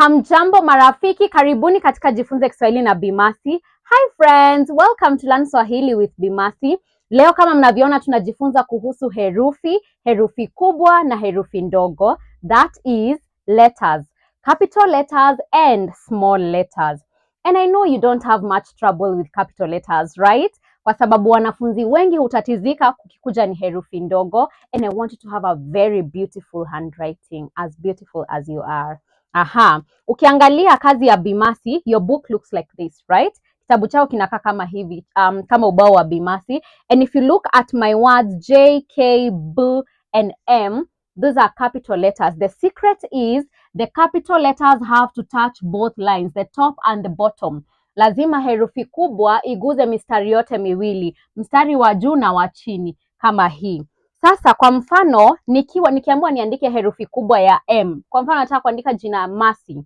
Hamjambo marafiki, karibuni katika Jifunze Kiswahili na Bimasi. Hi friends, welcome to Learn Swahili with Bimasi. Leo kama mnavyoona, tunajifunza kuhusu herufi, herufi kubwa na herufi ndogo, that is letters, capital letters and small letters. And I know you don't have much trouble with capital letters, right? Kwa sababu wanafunzi wengi hutatizika kukikuja ni herufi ndogo, and I want you to have a very beautiful handwriting, as beautiful as you are. Aha. Ukiangalia kazi ya Bimasi, your book looks like this, right? Kitabu chao kinakaa kama hivi, um, kama ubao wa Bimasi. And if you look at my words J, K, B and M, those are capital letters. The secret is the capital letters have to touch both lines, the top and the bottom. Lazima herufi kubwa iguze mistari yote miwili, mstari wa juu na wa chini kama hii. Sasa kwa mfano nikiwa nikiamua niandike herufi kubwa ya M, kwa mfano nataka kuandika jina masi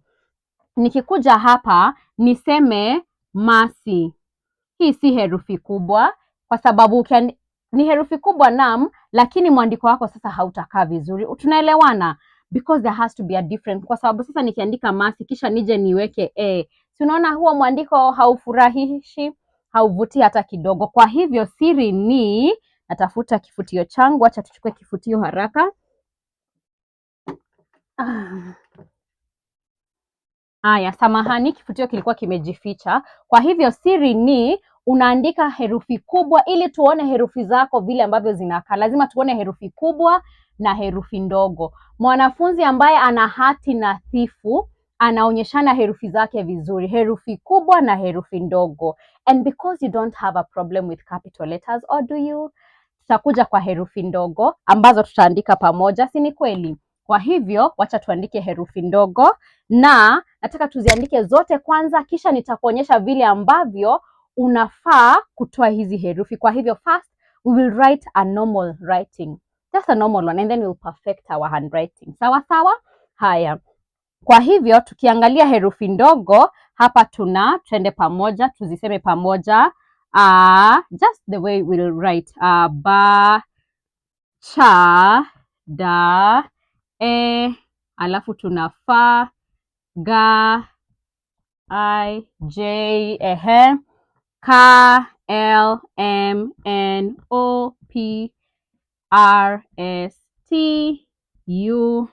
nikikuja hapa niseme masi Hii si herufi kubwa kwa sababu ukian... ni herufi kubwa nam lakini mwandiko wako sasa hautakaa vizuri. Tunaelewana? Because there has to be a different, kwa sababu sasa nikiandika Masi kisha nije niweke A, si unaona huo mwandiko haufurahishi, hauvutii hata kidogo. Kwa hivyo siri ni Natafuta kifutio changu, acha tuchukue kifutio haraka. Ah. Haya, samahani, kifutio kilikuwa kimejificha. Kwa hivyo siri ni unaandika herufi kubwa ili tuone herufi zako vile ambavyo zinakaa. Lazima tuone herufi kubwa na herufi ndogo. Mwanafunzi ambaye ana hati nadhifu anaonyeshana herufi zake vizuri, herufi kubwa na herufi ndogo. And because you don't have a problem with capital letters or do you? tutakuja kwa herufi ndogo ambazo tutaandika pamoja, si ni kweli? Kwa hivyo wacha tuandike herufi ndogo, na nataka tuziandike zote kwanza, kisha nitakuonyesha vile ambavyo unafaa kutoa hizi herufi. Kwa hivyo first we will write a normal writing, just a normal one and then we'll perfect our handwriting. Sawa sawa, haya. Kwa hivyo tukiangalia herufi ndogo hapa, tuna twende pamoja, tuziseme pamoja uh, just the way we'll write uh, ba cha da e alafu tuna fa ga i j ehe eh. ka l m n o p r s t u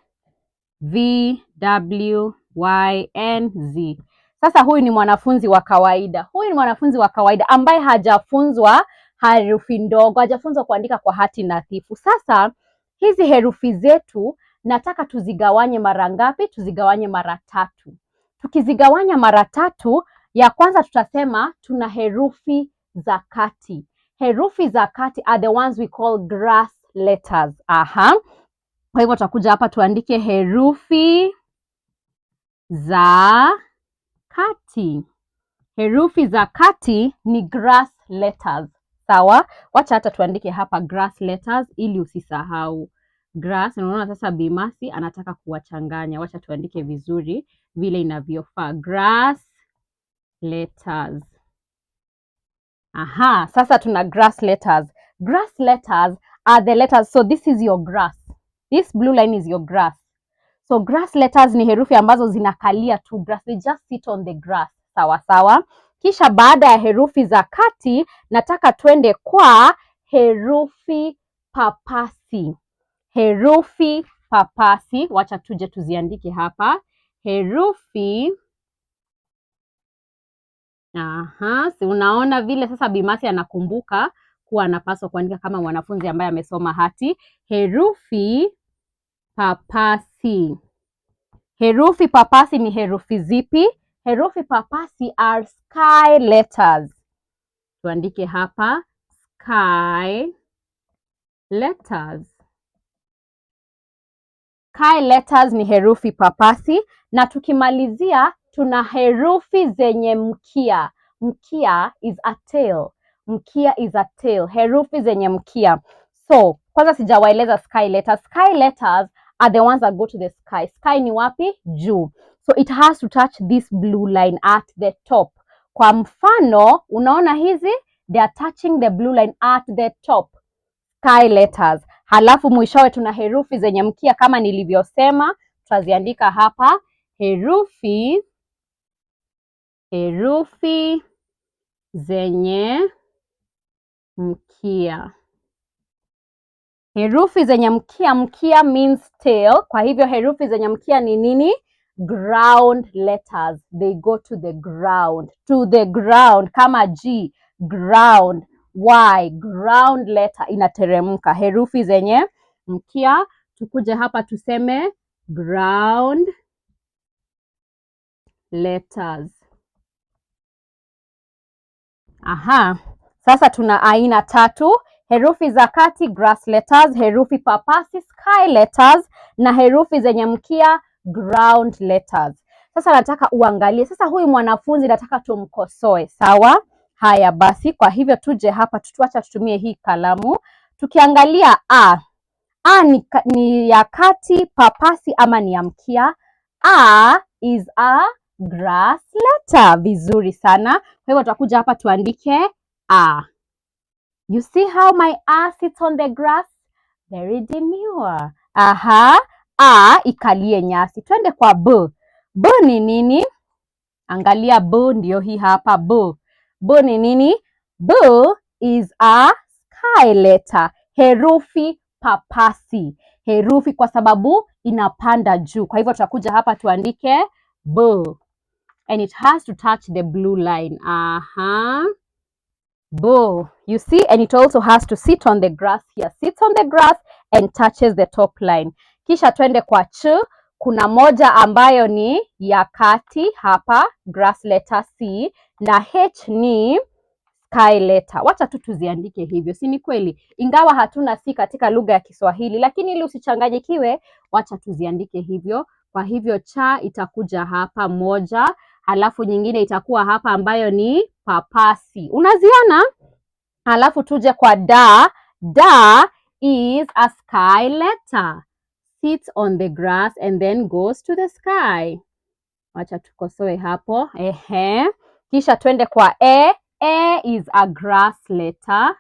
v w y n z Sasa huyu ni mwanafunzi wa kawaida, huyu ni mwanafunzi wa kawaida ambaye hajafunzwa herufi ndogo, hajafunzwa kuandika kwa hati nadhifu. Sasa hizi herufi zetu nataka tuzigawanye mara ngapi? Tuzigawanye mara tatu. Tukizigawanya mara tatu, ya kwanza tutasema tuna herufi za kati. Herufi za kati are the ones we call grass letters. Aha, kwa hivyo tutakuja hapa tuandike herufi za kati. Herufi za kati ni grass letters. Sawa, wacha hata tuandike hapa grass letters ili usisahau grass. Unaona sasa Bimasi anataka kuwachanganya, wacha tuandike vizuri vile inavyofaa grass letters. Aha, sasa tuna grass letters. Grass letters are the letters, so this is your grass. This blue line is your grass. So grass letters ni herufi ambazo zinakalia tu grass, they just sit on the grass. Sawa sawa. Kisha baada ya herufi za kati nataka twende kwa herufi papasi. Herufi papasi, wacha tuje tuziandike hapa. Herufi aha, si unaona vile sasa Bimasi anakumbuka kuwa anapaswa kuandika kama mwanafunzi ambaye amesoma hati. Herufi papasi. Herufi papasi ni herufi zipi? Herufi papasi are sky letters. Tuandike hapa sky letters. Sky letters ni herufi papasi, na tukimalizia tuna herufi zenye mkia. Mkia is a tail. Mkia is a tail. Herufi zenye mkia. So kwanza sijawaeleza sky letters. Sky letters are the ones that go to the sky. Sky ni wapi? Juu. So it has to touch this blue line at the top. Kwa mfano, unaona hizi they are touching the blue line at the top. Sky letters. Halafu mwishowe tuna herufi zenye mkia kama nilivyosema, tutaziandika hapa herufi herufi zenye mkia. Herufi zenye mkia mkia means tail. Kwa hivyo herufi zenye mkia ni nini? Ground letters. They go to the ground. To the ground kama G ground, Y ground letter inateremka. Herufi zenye mkia tukuje hapa tuseme ground letters. Aha, sasa tuna aina tatu Herufi za kati grass letters, herufi papasi sky letters na herufi zenye mkia ground letters. Sasa nataka uangalie sasa, huyu mwanafunzi nataka tumkosoe, sawa? Haya basi, kwa hivyo tuje hapa, tutuacha tutumie hii kalamu, tukiangalia a a ni, ni ya kati papasi ama ni ya mkia. A is a grass letter, vizuri sana. Kwa hivyo tutakuja hapa tuandike a You see how my a sits on the grass very demure. Aha, a ikalie nyasi. Twende kwa b. B ni nini? Angalia b, ndiyo hii hapa b. B ni nini? B is a sky letter, herufi papasi, herufi kwa sababu inapanda juu. Kwa hivyo tutakuja hapa tuandike b and it has to touch the blue line. Aha bull You see, and it also has to sit on the grass here. Sits on the grass and touches the top line. Kisha twende kwa ch. Kuna moja ambayo ni ya kati hapa, grass letter C, na h ni sky letter. Wacha tu tuziandike hivyo, si ni kweli? Ingawa hatuna si katika lugha ya Kiswahili, lakini ili usichanganyikiwe, wacha tuziandike hivyo. Kwa hivyo cha itakuja hapa moja halafu nyingine itakuwa hapa ambayo ni papasi. Unaziona? Halafu tuje kwa da. Da is a sky letter, sits on the grass and then goes to the sky. Wacha tukosoe hapo. Ehe. Kisha twende kwa e. E is a grass letter.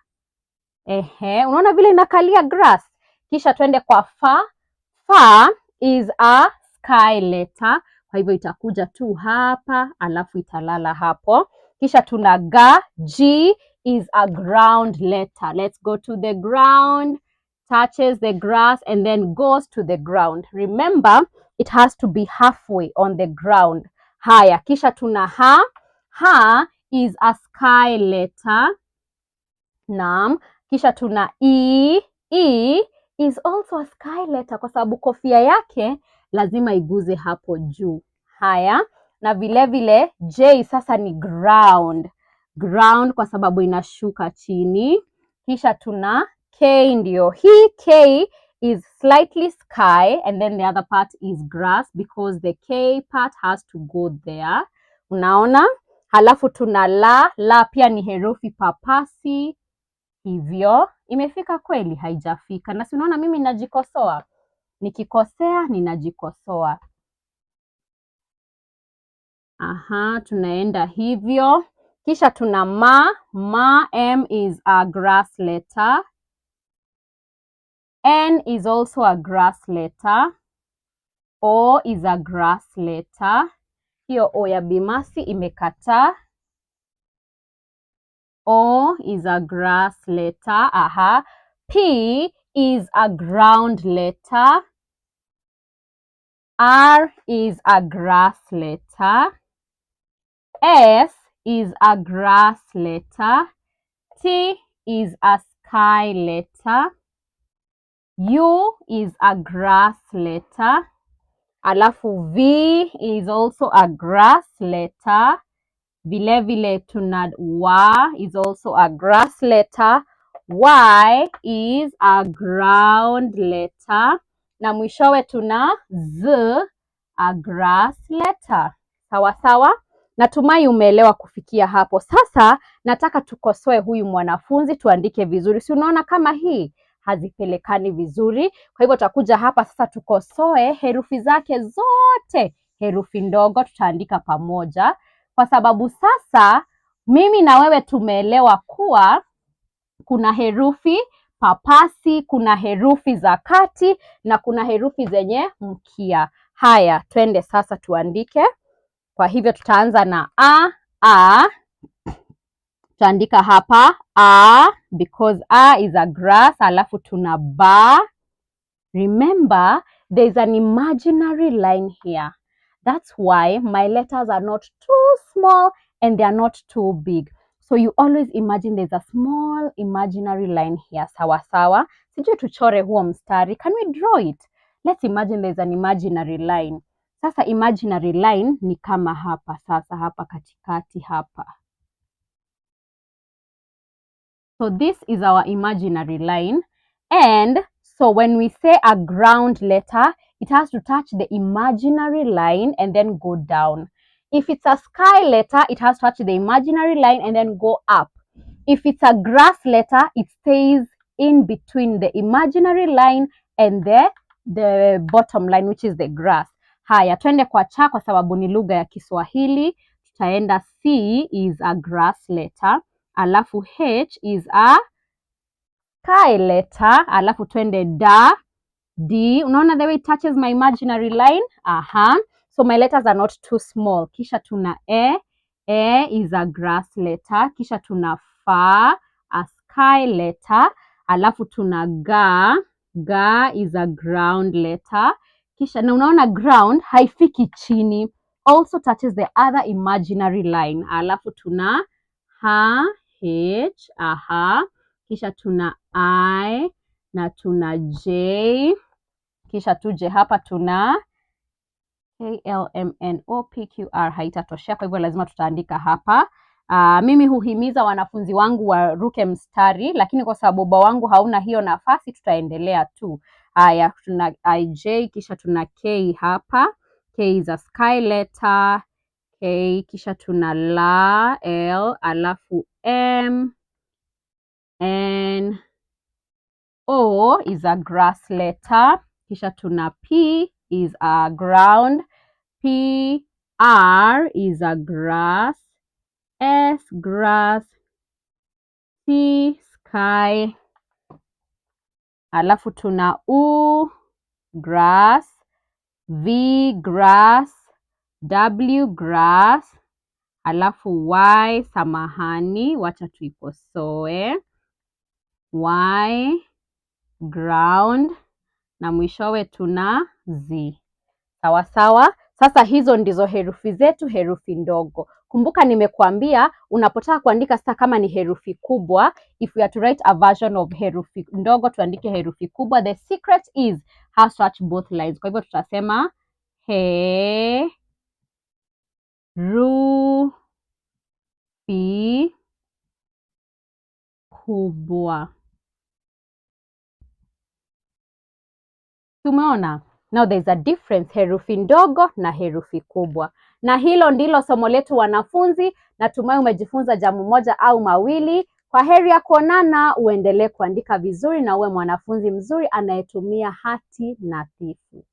Ehe, unaona vile inakalia grass. Kisha twende kwa fa. Fa is a sky letter. Kwa hivyo itakuja tu hapa alafu italala hapo. Kisha tuna G. G is a ground letter. Let's go to the ground, touches the grass and then goes to the ground. Remember, it has to be halfway on the ground. Haya, kisha tuna H. H is a sky letter. Naam, kisha tuna E. E is also a sky letter kwa sababu kofia yake lazima iguze hapo juu. Haya, na vile vile J sasa ni ground. Ground kwa sababu inashuka chini, kisha tuna K ndio hii. K is slightly sky and then the other part is grass because the K part has to go there. Unaona? Halafu tuna la, la pia ni herufi papasi hivyo. Imefika kweli? Haijafika? Na si unaona mimi najikosoa. Nikikosea ninajikosoa. Aha, tunaenda hivyo. Kisha tuna ma. Ma, M is a grass letter. N is also a grass letter. O is a grass letter. Hiyo O ya bimasi imekataa. O is a grass letter. Aha. P is a ground letter. R is a grass letter. S is a grass letter. T is a sky letter. U is a grass letter. Alafu V is also a grass letter. Vilevile tunad wa is also a grass letter. Y is a ground letter. na mwishowe tuna z a grass letter. Sawa sawa, natumai umeelewa kufikia hapo. Sasa nataka tukosoe huyu mwanafunzi, tuandike vizuri. Si unaona kama hii hazipelekani vizuri? Kwa hivyo tutakuja hapa sasa tukosoe herufi zake zote, herufi ndogo tutaandika pamoja, kwa sababu sasa mimi na wewe tumeelewa kuwa kuna herufi papasi, kuna herufi za kati na kuna herufi zenye mkia. Haya, twende sasa tuandike. Kwa hivyo tutaanza na a a, tutaandika hapa a because a is a grass, alafu tuna ba. Remember there is an imaginary line here. That's why my letters are not too small and they are not too big. So you always imagine there's a small imaginary line here, sawa sawa. Sijui tuchore huo mstari. Can we draw it? Let's imagine there's an imaginary line. Sasa imaginary line ni kama hapa sasa, hapa katikati hapa. So this is our imaginary line and so when we say a ground letter, it has to touch the imaginary line and then go down. If it's a sky letter, it has to touch the imaginary line and then go up. If it's a grass letter, it stays in between the imaginary line and the, the bottom line which is the grass. Haya, twende kwa cha kwa sababu ni lugha ya Kiswahili. Tutaenda C is a grass letter, alafu H is a sky letter, alafu twende da D. Unaona the way it touches my imaginary line? Aha. So my letters are not too small. Kisha tuna a, e, a e is a grass letter. Kisha tuna fa, a sky letter. Alafu tuna ga, ga is a ground letter. Kisha na unaona ground haifiki chini, also touches the other imaginary line. Alafu tuna ha, h, aha. Kisha tuna i na tuna j. Kisha tuje hapa tuna KLMNOPQR haitatoshea, kwa hivyo lazima tutaandika hapa. Uh, mimi huhimiza wanafunzi wangu waruke mstari, lakini kwa sababu baba wangu hauna hiyo nafasi tutaendelea tu. Haya, tuna IJ kisha tuna K hapa, K za sky letter, K kisha tuna la L alafu M N O is a grass letter, kisha tuna P is a ground P R is a grass. S grass. T sky. Alafu tuna U grass, V grass, W grass, alafu Y samahani, wacha tuikosoe. Y ground na mwishowe tuna Z. Sawa sawa. Sasa hizo ndizo herufi zetu, herufi ndogo. Kumbuka nimekuambia unapotaka kuandika sasa, kama ni herufi kubwa, if we are to write a version of herufi ndogo, tuandike herufi kubwa. The secret is how such both lines. Kwa hivyo tutasema he ru fi kubwa. Tumeona. Now there's a difference herufi ndogo na herufi kubwa, na hilo ndilo somo letu wanafunzi. Natumai umejifunza jambo moja au mawili. Kwa heri ya kuonana, uendelee kuandika vizuri na uwe mwanafunzi mzuri anayetumia hati nadhifu.